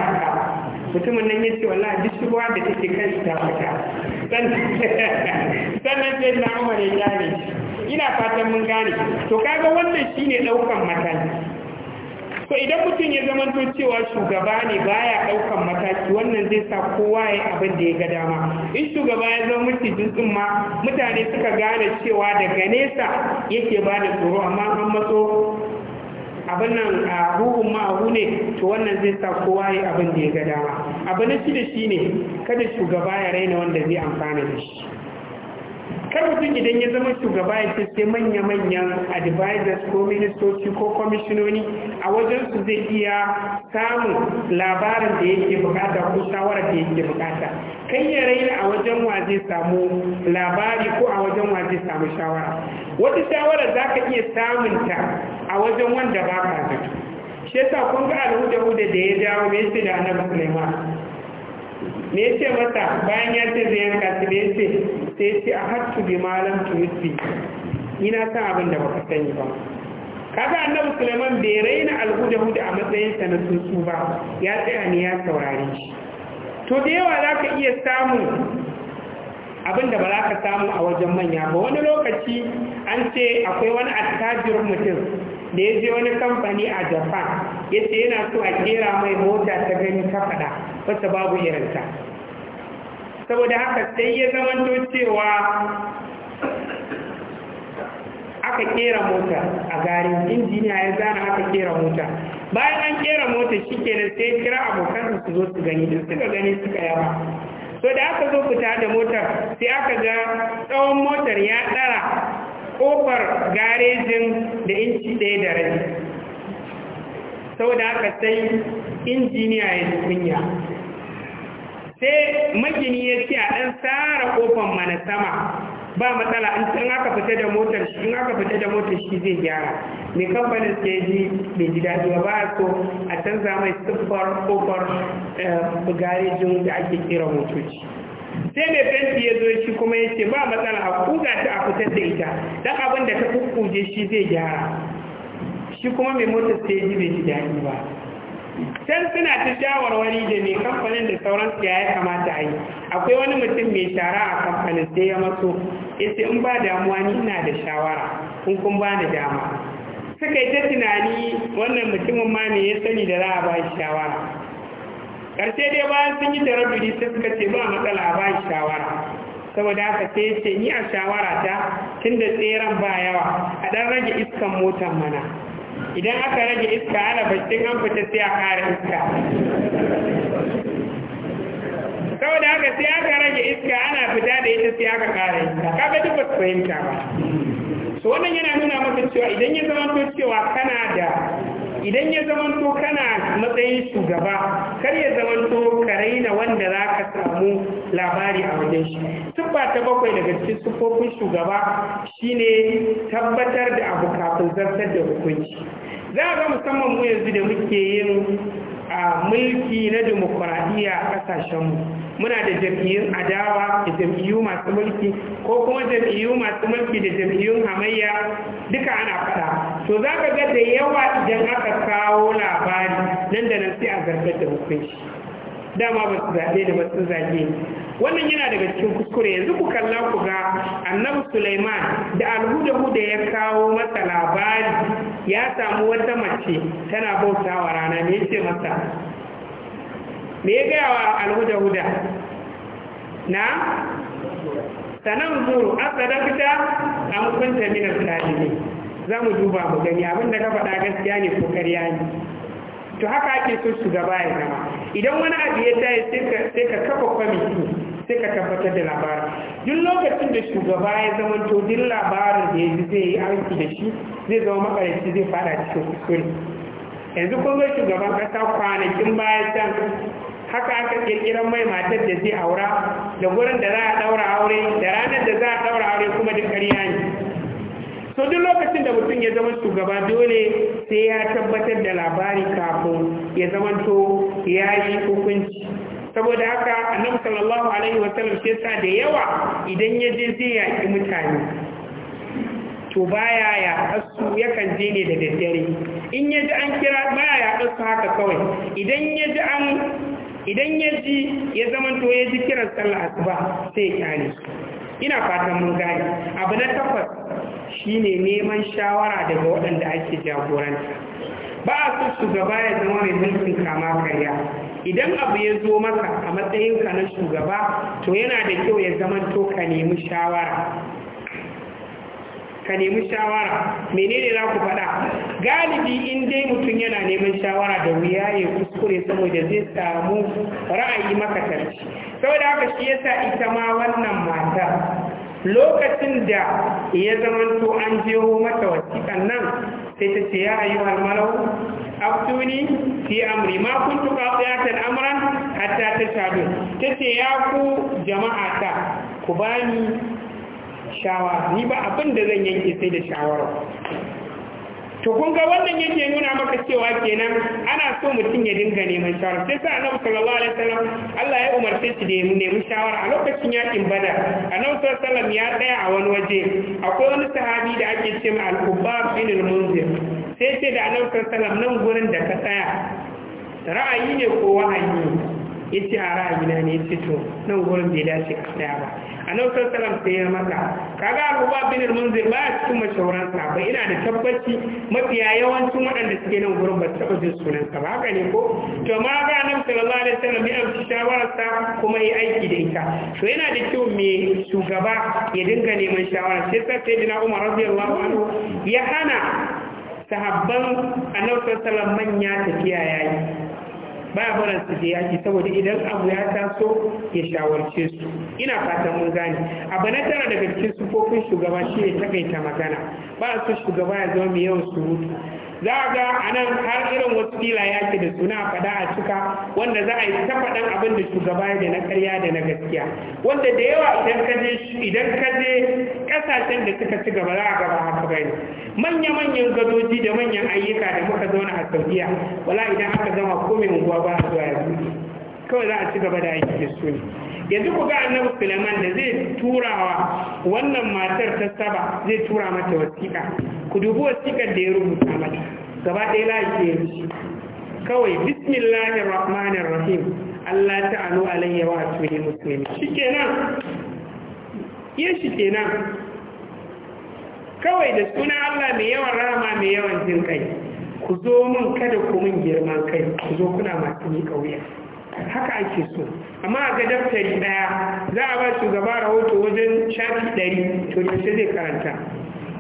Speaker 2: mutumin nan ya ce wala duk shigowa da take kan shi ta fita <laughs> sannan sai na umar ya ina fatan mun gane to kaga wannan shine daukan mataki to idan mutum ya zama to cewa shugaba ne baya daukan mataki wannan zai sa kowa ya abin da ya ga dama in shugaba ya zama mutum jinsin ma mutane suka gane cewa daga nesa yake ba da tsoro amma an matso abin nan a ruhun ma'ahu ne to wannan zai sa kowa ya abin da ya ga dama abu na shi shine kada shugaba ya raina wanda zai amfana da shi kar mutum idan ya zama shugaba ya ce sai manya-manyan advisors ko ministoci ko kwamishinoni a wajen su zai iya samun labarin da yake bukata ko shawarar da yake bukata kai ya raina a wajen wa zai samu labari ko a wajen wa zai samu shawara wata shawara za ka iya samun ta a wajen wanda ba ka zato shi yasa kun ga alhuda da ya dawo mai da annabi Sulaiman me ce mata bayan ya ce zai yanka su me ce? sai ce a hattu bi malam tunusi ina san abin da baka sani ba kaga annabi Sulaiman bai raina alhuda-huda a matsayin sa na tsuntsu ba ya tsaya ne ya saurare shi to da yawa za ka iya samu abin da ba za ka samu a wajen manya ba wani lokaci an ce akwai wani attajirin mutum da ya je wani kamfani a japan ya ce yana so a kera mai mota ta gani ta faɗa wata babu irinta saboda haka sai ya zama to cewa aka kera mota a garin injiniya ya zana aka kera mota bayan an kera mota shi ke nan sai kira abokan su zo su gani da suka gani suka yawa so da aka zo fita da motar sai aka ga tsawon motar ya ƙofar garejin da inci ɗaya da rai sau da haka sai injiniya ya kunya sai magini ya ce a ɗan tsara ƙofar mana sama ba matsala in can aka fita da motar shi in aka fita da motar shi zai gyara mai kamfanin ke ji bai ji daɗi ba a so a canza mai siffar ƙofar eh, garejin da ake kira motoci sai mai fenti ya zo shi kuma ya ce ba matsala a kuga ta a fitar da ita don abin da ta kukkuje shi zai gyara shi kuma mai motar sai ji bai ji daɗi ba can suna ta shawarwari da mai kamfanin da sauran ya ya kamata a yi akwai wani mutum mai shara a kamfanin sai ya maso ya ce in ba damuwa ni ina da shawara kun kun ba ni dama suka yi ta tunani wannan mutumin ma ne ya sani da za a ba shawara karshe dai bayan sun yi tarabiri sai suka ce ba matsala ba shawara saboda haka sai ce ni a shawara ta tun da tseren ba yawa a ɗan rage iskan motar mana idan aka rage iska ana bashin an fita sai a ƙara iska saboda haka sai aka rage iska ana fita da ita sai aka ƙara iska kaga duk ba su fahimta ba so wannan yana nuna maka cewa idan ya zama cewa kana da idan ya zamanto kana matsayin shugaba kar ya zamanto ka raina wanda za ka samu labari a wajen shi tuffa ta bakwai daga cikin siffofin shugaba shine tabbatar da abu kafin zartar da hukunci za a ga musamman mu yanzu da muke yin a mulki na demokuraɗiyya a ƙasashenmu muna da jam'iyyun adawa da jam'iyyu masu mulki ko kuma jam'iyyu masu mulki da jam'iyyun hamayya duka ana fada to za ka ga da yawa idan aka kawo labari nan da nan sai a zargar da hukunci dama ba su zaɓe da ba su zaɓe wannan yana daga cikin kuskure yanzu ku kalla ku ga annabi Sulaiman da alhudahu da ya kawo masa labari ya samu wata mace tana bautawa rana ne ce masa me ya gaya wa alhudahu da na sanan zuru fita a mukunta minar al Za mu duba mu gani abinda ka faɗa gaskiya ne ko karya ne to haka ake so shugaba ya zama idan wani abu ya tayi sai ka kafa kwamiti sai ka tabbatar da labarin duk lokacin da shugaba ya zama to duk labarin da ya ji zai yi aiki da shi zai zama makarici zai fara cikin kuskure yanzu kun ga shugaban kasa kwanakin baya can haka aka kirkiran mai matar da zai aura da gurin da za a daura aure da ranar da za a daura aure kuma da ƙarya ne so duk lokacin da mutum ya zama shugaba dole sai ya tabbatar da labari kafin ya to ya yi hukunci saboda haka annabi sallallahu alaihi sallam sai sa da yawa idan ya je zai yaƙi mutane to baya ya asu yakan je ne da daddare in ya ji an kira baya ya asu haka kawai idan ya ji an idan ya ji ya to ya ji kiran sallah asuba sai ya kyale ina fatan mun gane abu na takwas shine neman shawara daga waɗanda ake jagoranta ba a so shugaba ya zama mai mulkin kama karya idan abu ya zo maka a matsayinka na shugaba to yana da kyau ya zama to ka nemi shawara ka nemi shawara menene za ku faɗa galibi in dai mutum yana neman shawara da wuya ya kuskure saboda zai samu ra'ayi makatarci Sau da shi yasa ita ma wannan mata lokacin da ya zamanto an jeho mata wasiƙan nan sai ta ce ya ayyu almalau abtuni fi amri ma kuntu qati'atan amran hatta Ta ce ya ku jama'a ta ku bani shawara ni ba abin da zan yanke sai da shawara to kun ga wannan yake nuna maka cewa kenan ana so mutum ya dinga neman shawara sai sa annabi sallallahu alaihi wasallam Allah ya umarce shi da neman shawara a lokacin yakin bada annabi sallallahu alaihi wasallam ya tsaya a wani waje akwai wani sahabi da ake ce ma al-kubbar bin al-munzir sai sai da annabi sallallahu alaihi wasallam nan gurin da ka tsaya ra'ayi ne ko wa'ayi yace a ra'ayi na ne yace to nan gurin bai dace ka tsaya ba annabi sallallahu sai ya maka kaga abubuwa bin munzir ba ya cikin mashawaran ba ina da tabbaci mafiya yawancin waɗanda suke nan gurin ba su taɓa jin sunan sa ba haka ne ko to ma ga annabi sallallahu alaihi wasallam ya amsa shawarar sa kuma yi aiki da ita to yana da kyau me shugaba ya dinga neman shawara sai sai na Umar radiyallahu anhu ya hana sahabban annabi sallallahu manya tafiya yayi ba barin su je yaki saboda idan abu ya taso ya shawarce su ina fatan mun gane abu na tara daga cikin sufofin shugaba shi ne takaita magana ba su shugaba ya zama mai yawan surutu za a ga a nan har irin wasu ya ce da suna fada a cika wanda za a yi ta faɗan abin da shugaba da na karya da na gaskiya wanda da yawa idan ka je idan ka je ƙasashen da suka ci gaba za a gaba haka bane manya-manyan gadoji da manyan ayyuka da muka zauna a saudiya wala idan aka zama komai unguwa ba a zuwa yanzu kawai za a ci gaba da aiki da su ne yanzu ku ga annabi Sulaiman da zai turawa wannan matar ta saba zai tura mata wasiƙa ku dubi wasiƙar da ya rubuta mata gaba ɗaya layi ɗaya kawai bismillahir rahmanir rahim Allah anu alayya wa atuni muslimi shikenan ya shikenan kawai da suna Allah mai yawan rama mai yawan jin kai ku zo mun kada ku mun girman kai ku zo kuna masu ni kauya haka ake so amma a ga daftari daya za a ba shugaba rahoto wajen shafi ɗari to yaushe zai karanta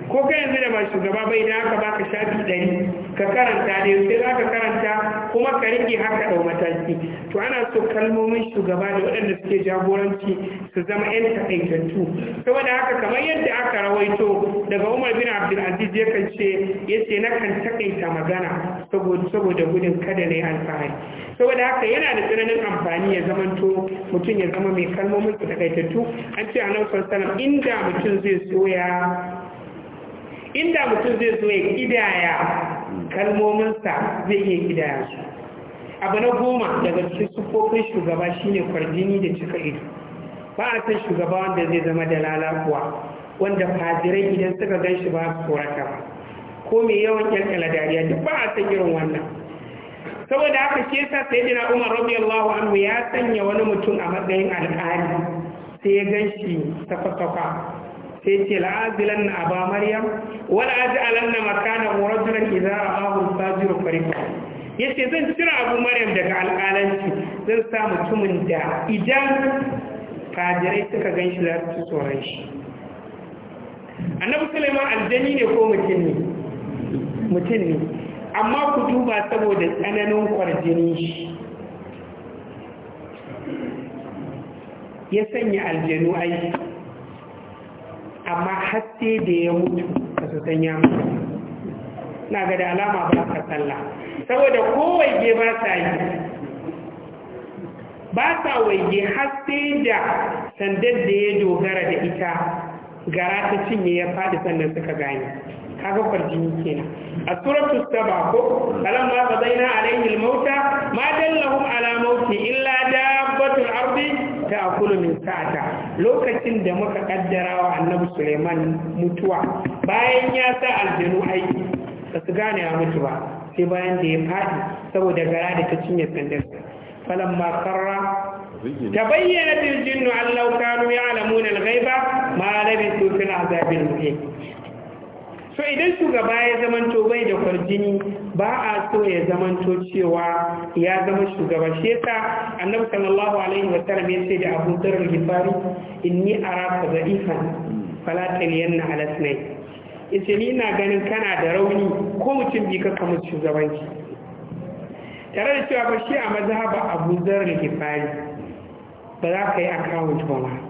Speaker 2: ko ka yanzu da ba shugaba bai da haka baka shafi ɗari ka karanta da yau sai za ka karanta kuma ka rike haka ɗau mataki to ana so kalmomin shugaba da waɗanda suke jagoranci su zama 'yan takaitattu, saboda haka kamar yadda aka rawaito daga umar bin abdulaziz ya kan ce ya ce na kan takaita magana saboda gudun kada na yi alfahari saboda haka yana da tsananin amfani ya zamanto mutum ya zama mai kalmomin su takaitattu, an ce a nan inda mutum zai soya inda mutum zai zo ya kidaya kalmominsa zai iya kidaya su abu na goma daga cikin sufofin shugaba shine kwarjini da cika ido ba a san shugaba wanda zai zama da lalakuwa wanda fadirai idan suka gan shi ba su tsorata ba ko mai yawan kyalkyala dariya duk ba a san irin wannan saboda haka shi yasa sai dina umar radiyallahu anhu ya sanya wani mutum a matsayin alƙali sai ya gan shi sakwa sai ce la'azilan na aba maryam wal aj'alan na makana rajulan idza ra'ahu fajiru ya ce zan cira abu maryam daga al'alanci zan sa mutumin da idan kajirai suka ganshi za su tsoron shi annabi sulaiman aljani ne ko mutum ne mutum ne amma ku duba saboda tsananin kwarjini shi ya sanya aljanu aiki amma haske da ya mutu a su ya mutu na ga da alama ba ka sallah saboda ko waige ba sa yi ba sa waige haske da sandar da ya dogara da ita gara ta cinye ya faɗi sannan suka gane kaga yake na. a suratul saba ko alam ma fadaina alaihi almauta ma dallahum ala mauti illa da dabbatul ardi ta'kulu min sa'ata lokacin da muka kaddara wa annabi Suleiman mutuwa bayan ya sa aljanu aiki ba su gane ya mutu ba sai bayan da ya fadi saboda gara da ta cinye sandarsa ma karra tabayyana jinnu an law kanu ya'lamuna al ma labisu fil azabil muhim to idan shugaba ya zamanto bai da kwarjini ba a so ya zamanto cewa ya zama shugaba shi yasa annabi sallallahu alaihi wa sallam yace da Abu Dharr al-Ghifari inni araka dha'ifan fala taliyanna ala sunay yace ni ina ganin kana da rauni ko mutum bi ka kamar shugabanci tare da cewa ba shi a mazhaba Abu Dharr al-Ghifari ba za ka yi account ba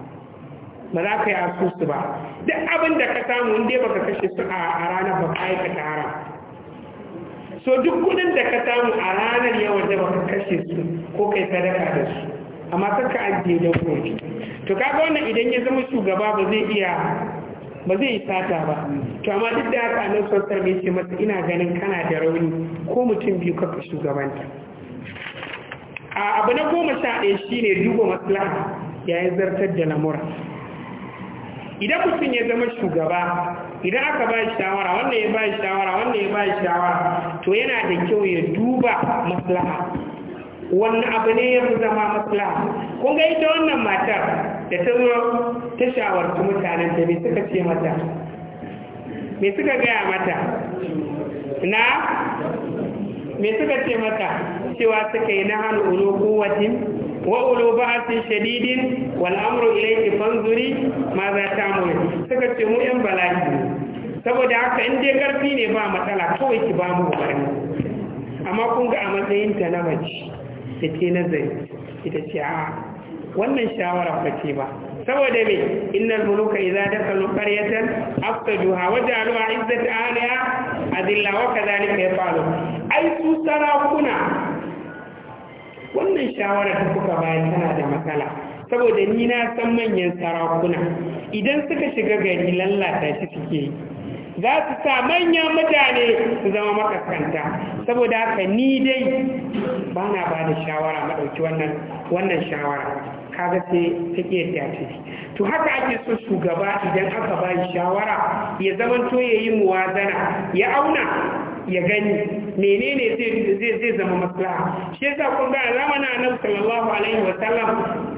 Speaker 2: ba za ka yi asusu ba duk abin da ka samu inda ba ka kashe su a ranar ba ka aikata haram so duk kudin da ka samu a ranar yawan da ba ka kashe su ko kai sadaka da su amma kaka ajiye da gobe to kaga wannan idan ya zama shugaba ba zai iya ba zai yi sata ba to amma duk da haka nan son sarbe ce masa ina ganin kana da rauni ko mutum biyu kaka shugabanta a abu na goma sha ɗaya shine duba maslaha yayin zartar da lamura idan mutum ya zama shugaba idan aka ba shi shawara wannan ya ba shi shawara wannan ya ba shi shawara to yana da kyau ya duba maslaha wannan abu ne ya fi zama maslaha kun ga ita wannan matar da ta zo ta shawarci mutanen ta me suka ce mata me suka gaya mata na me suka ce mata cewa suka yi na hannu ulo kowatin wa'ulu ba'asin shadidin wal amru ilayki fanzuri ma za ta mu Saka ce mu yan bala'i saboda haka in dai karfi ne ba matsala kawai ki ba mu amma kun ga a matsayin ta na mace ta ce nazari ita ce a wannan shawara ba ce ba saboda me innal muluka idza dakalu qaryatan afsaduha wa ja'alu izzata ahliha adilla wa kadhalika yafalu ai su sarakuna wannan shawara ta kuka bayan tana da matsala saboda ni na san manyan sarakuna idan suka shiga gari lallata shi suke yi za su sa manyan mutane su zama makaskanta saboda haka ni dai ba na ba da shawara maɗauki wannan shawara kaga sai ke ta ce to haka ake so shugaba idan aka ba shawara ya zamanto ya yi muwazana ya auna ya gani menene zai zai zama maslaha shi yasa kun ga alama na annabi sallallahu alaihi wa sallam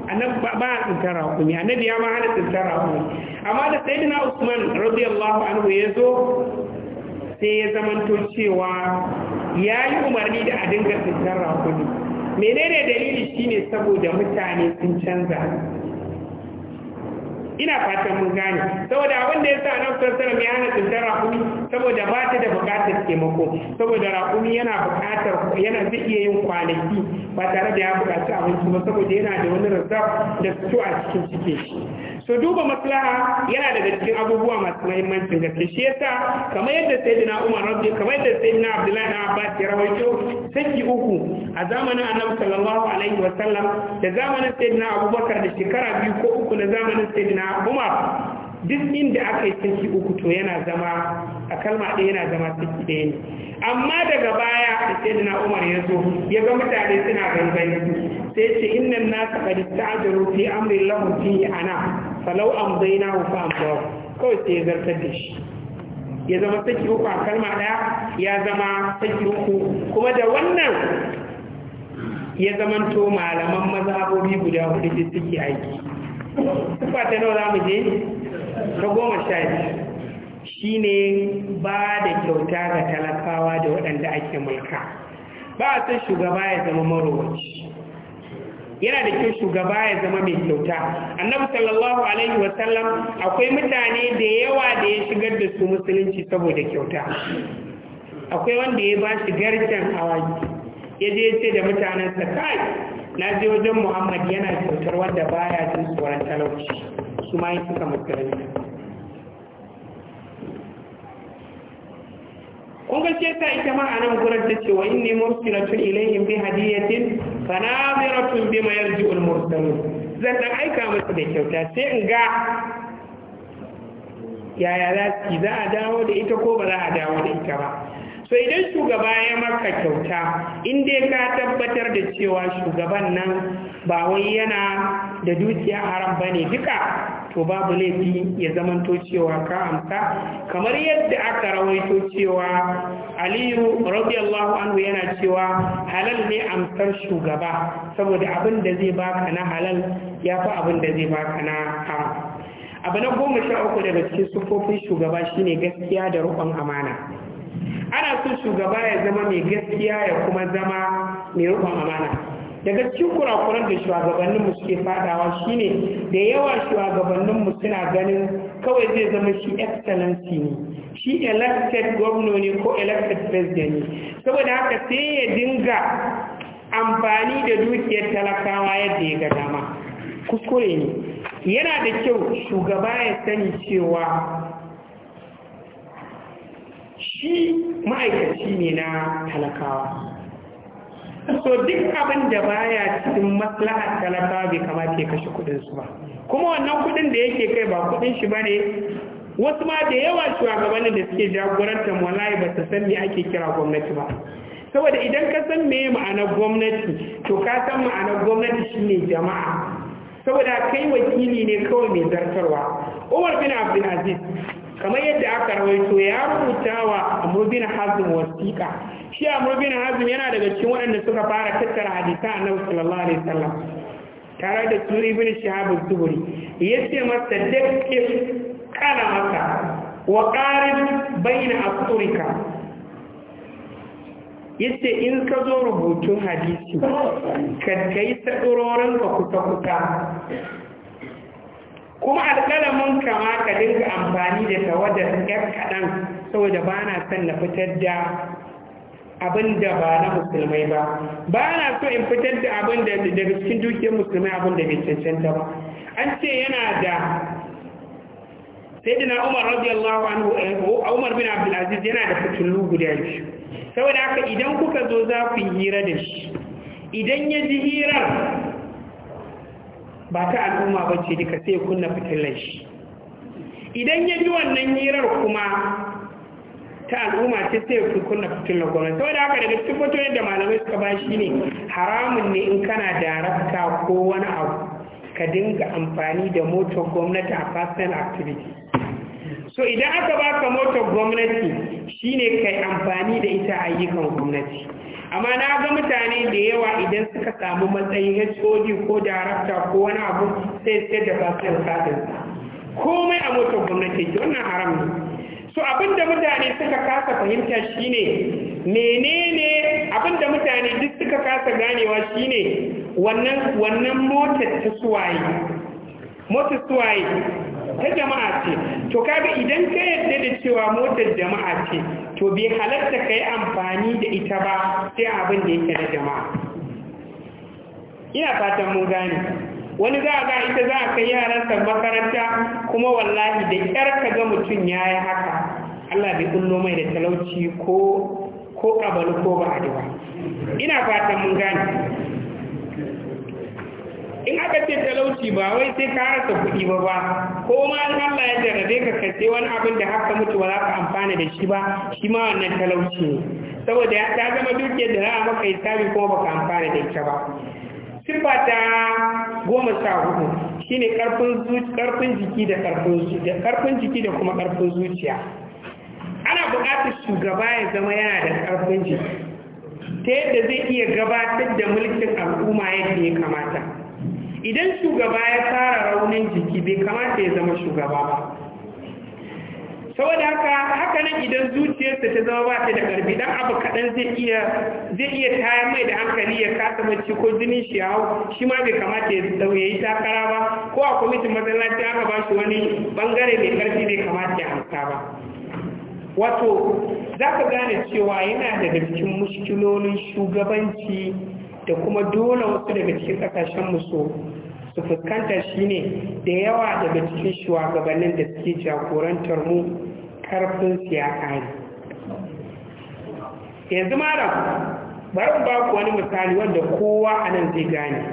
Speaker 2: annabi ba a tsintar rakumi annabi ya ma hana tsintar rakumi amma da sayyidina usman radiyallahu anhu ya zo sai ya to cewa ya yi umarni da a dinga tsintar rakumi menene dalili shine saboda mutane sun canza ina fatan mun gane saboda abin da yasa sa tsara alaihi ya hana tsintar rakumi saboda ba ta da bukatar taimako saboda rakumi yana bukatar yana zai iya yin kwanaki ba tare da ya bukaci abinci ba saboda yana da wani rasa da su a cikin cikin shi to duba maslaha yana daga cikin abubuwa masu mahimmancin gaske shi yasa kamar yadda sayyidina Umar rabbi kamar yadda sayyidina Abdullahi na Abbas ya rawaito saki uku a zamanin Annabi sallallahu alaihi wa sallam da zamanin sayyidina Abubakar da shekara biyu ko uku na zamanin sayyidina Umar duk inda aka yi saki uku to yana zama a kalma ɗaya yana zama saki ɗaya ne amma daga baya da sai da umar ya zo ya ga mutane suna gangani sai ce innan na taɓa da ta'adaru fi amrin lahun fi ana falau an zaina hufa an bawa kawai sai ya zartar da shi ya zama saki uku a kalma ɗaya ya zama saki uku kuma da wannan ya zamanto malaman mazhabobi guda hudu da suke aiki ba ta nawa za mu je ta goma sha shi ne ba da kyauta ga talakawa da waɗanda ake mulka ba a san shugaba ya zama marowaci yana da kyau shugaba ya zama mai kyauta annabi sallallahu alaihi wasallam akwai mutane da yawa da ya shigar da su musulunci saboda kyauta akwai wanda ya ba shi garken awaki ya je ce da mutanensa kai na je wajen muhammad yana kyautar wanda baya jin tsoron talauci su ma yin suka musulmi kun ga ce ta ita ma a nan in ta ce wa inni mursilatun ilayhim bi hadiyatin fa bi bima yarji'ul mursalun zan dan aika musu da kyauta sai in ga yaya za su za a dawo da ita ko ba za a dawo da ita ba so idan shugaba ya maka kyauta inda ka tabbatar da cewa shugaban nan ba wai yana da dukiya haram ba ne duka to babu laifi ya zamanto cewa ka amsa kamar yadda aka rawaito cewa aliyu radiyallahu anhu yana cewa halal ne amsar shugaba saboda abin da zai baka na halal ya fi abin da zai baka na haram abu na goma sha uku daga cikin sufofin shugaba shine gaskiya da rukun amana ana son shugaba ya zama mai gaskiya ya kuma zama mai rufin amana daga cikin kurakuran da shugabanninmu suke fadawa shine da yawa shugabanninmu suna ganin kawai zai zama shi excellency ne shi elected governor ne ko elected president saboda haka sai ya dinga amfani da dukiyar talakawa yadda ya ga dama kuskure ne yana da kyau shugaba ya sani cewa shi ma'aikaci ne na talakawa so duk abin da baya cikin maslahar talakawa bai kamata ya kashe su ba kuma wannan kudin da yake kai ba kudin shi ba ne wasu ma da yawa shugabannin da suke jagorantar wallahi ba su san me ake kira gwamnati ba saboda idan ka san me ma'anar gwamnati to ka san ma'anar gwamnati shine jama'a saboda kai wakili ne kawai mai zartarwa Umar bin Abdulaziz. kamar yadda aka rawaito ya rubuta wa Amr bin wasiƙa. shi Amr bin yana daga cikin waɗanda suka fara tattara hadisa Annabi sallallahu alaihi wasallam tare da turi ibn Shihab az-Zuhri yace masa dakkif kana maka wa qarib baina asturika yace in ka zo rubutun hadisi ka kai sadurorin ka kusa kusa kuma alƙalamin kama ka dinga amfani da tawadar ƴar kaɗan saboda ba na son na fitar da abin da ba na musulmai ba ba na so in fitar da abin da daga cikin dukiyar musulmai abin da bai cancanta ba an ce yana da sayyidina umar radiyallahu anhu eh, umar bin abdul aziz yana da fitullu guda biyu saboda haka idan kuka zo za ku yi hira da shi idan ya ji hirar ba ta al'umma ba ce duka sai kunna fitilar shi idan ya bi wannan hirar kuma ta al'umma ce sai kunna fitilar gwamnati saboda haka daga cikin fito da malamai suka ba shi ne haramun ne in kana darakta ko wani abu ka dinga amfani da motar gwamnati a personal activity so idan aka baka motar gwamnati shine kai amfani da ita ayyukan gwamnati amma na ga mutane da yawa idan suka samu matsayin hod ko darakta ko wani abu sai sai da basirin sadin komai a motar gwamnati wannan haram ne so abinda mutane suka kasa fahimta shine menene abinda mutane duk suka kasa ganewa shine wannan wannan motar ta suwaye motar suwaye ta jama'a ce to kaga idan ka yadda da cewa motar jama'a ce to bai halarta ka yi amfani da ita ba sai abin da yake na jama'a ina fatan mun gane wani za a ga ita za a kai yaransa makaranta kuma wallahi da ƙyar ka ga mutum ya yi haka Allah bai kullo mai da talauci ko ko ƙabalu ko ba ina fatan mun gane in aka ce talauci ba wai sai ka rasa kuɗi ba ba ko ma in Allah ya jarrabe ka kace wani abin da haka mutu ba za ka amfana da shi ba shi ma wannan talauci ne saboda ya ta zama dukiyar da za a maka hisabi kuma baka amfana da ita ba siffa ta goma sha hudu shine karfin jiki da karfin jiki da kuma karfin zuciya ana buƙatar shugaba ya zama yana da karfin jiki ta yadda zai iya gabatar da mulkin al'umma yadda ya kamata idan shugaba ya fara raunin jiki bai kamata ya zama shugaba ba saboda haka haka nan idan zuciyarsa ta zama ba ta da ƙarfi dan abu kaɗan zai iya zai iya tayar mai da hankali ya kasa mace ko jini shi hau shi ma bai kamata ya zama ya yi takara ba ko a kwamitin masallaci aka ba shi wani bangare mai ƙarfi bai kamata ya hanka ba wato za ka gane cewa yana daga cikin mushkilolin shugabanci da kuma dole wasu daga cikin kasashen musu su fuskanta shine da yawa daga cikin shugabannin da suke jagorantar mu karfin siyaka ne yanzu malam bari ba ku wani misali wanda kowa a nan zai gane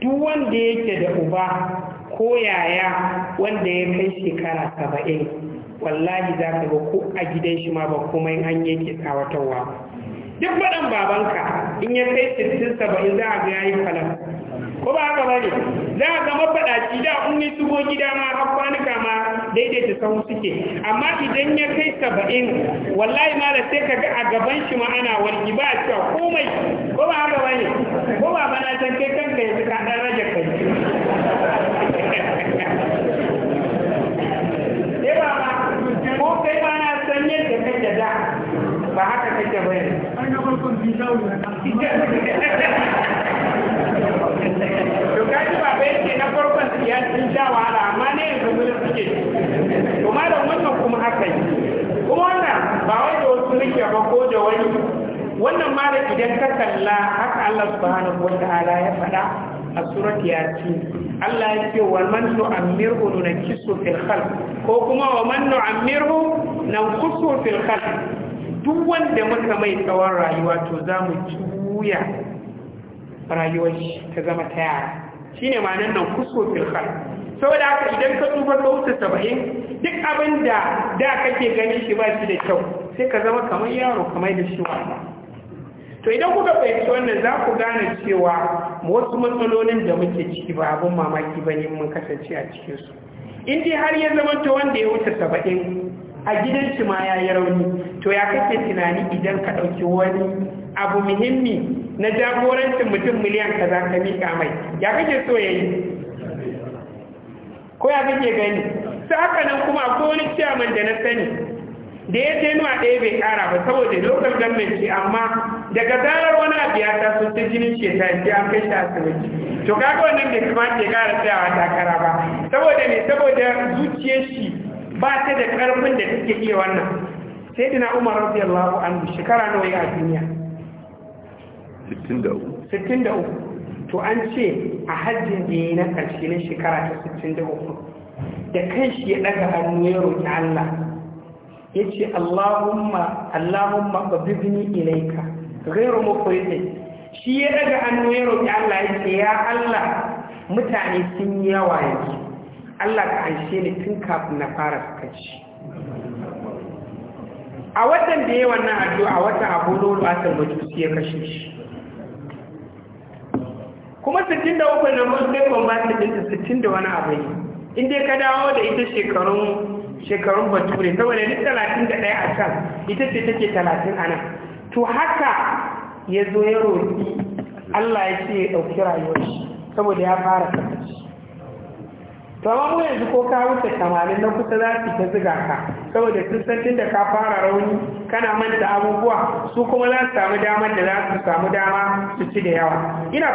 Speaker 2: duk wanda yake da uba ko yaya wanda ya kai shekara saba'in wallahi za ka ga ko a gidan shi ma ba komai an yake tsawatarwa duk faɗan babanka in ya kai sittin saba'in za a ga yayi kalam ko ba haka bane za a ga mafaɗaci da in yi shigo gida ma har kwanuka ma daidaita sahu suke amma idan ya kai saba'in wallahi ma da sai ka ga a gaban shi ma ana wargi ba a cewa komai ko ba haka bane ko ba bana can kai kanka yanzu ka ɗan rage kai ba ma ko kai ba na san yadda kake da ba haka kake bane na farkon sun sha wuya to kaji ba bai ce na farkon su ya sun sha wahala amma ne yanzu gudun suke to malam wannan kuma haka yi kuma wannan ba wai da wasu rike ba ko da wani wannan malam idan ka kalla haka Allah subhanahu wa ta'ala ya faɗa a surat yasin Allah ya ce wa man nu'ammirhu nunkisu fil khalq ko kuma wa man nu'ammirhu nankusu fil khalq duk wanda muka mai tsawon rayuwa to za mu juya rayuwar shi ta zama ta yara shi ne ma'anin nan kusko filhar da haka idan ka tuba kautu saba'in duk abin da da kake gani shi ba shi da kyau sai ka zama kamar yaro kamar da shi wata. to idan kuka fahimci wannan za ku gane cewa wasu matsalolin da muke ciki ba abin mamaki ba ne mun kasance a cikinsu in dai har ya zama ta wanda ya wuce saba'in a gidan shi ma ya yi rauni to ya kake tunani idan ka ɗauki wani abu muhimmi na jagorancin mutum miliyan ka za ka miƙa mai ya kake so ya yi ko ya kake gani su haka nan kuma akwai wani ciyaman da na sani da ya je nuna ɗaya bai ƙara ba saboda lokacin gwamnati amma daga zarar wani abu ya taso ta jinin shekara ya kai shi asibiti to kaga wannan bai kamata ya ƙara tsayawa takara ba saboda me saboda zuciyar shi ba ta da karfin da take iya wannan sai dina umar radiyallahu anhu shekara nawa ya duniya 63 63 to an ce a hajjin da yayi na karshe na shekara ta 63 da kanshi ya daga hannu ya roki Allah yace Allahumma Allahumma babni ilaika ghairu mufridin shi ya daga hannu ya roki Allah yace ya Allah mutane sun yawa yake Allah ka anshe ni tun kafin na fara sukanci a watan da yi wannan addu'a watan abu lulu asar majusi ya kashe shi kuma 63 na ba bombardment ɗinta 60 da wani abu ne inda ka dawo da ita shekarun shekarun bature saboda duk 31 a can ita ce take 30 a nan to haka ya zo ya roƙi Allah ya ce ya ɗauki rayuwar shi saboda ya fara sakaci Sama yanzu ko ka wuce tamanin na kusa za su ta ziga ka saboda sun san tun da ka fara rauni kana manta abubuwa su kuma za su samu damar da za su samu dama su ci da yawa ina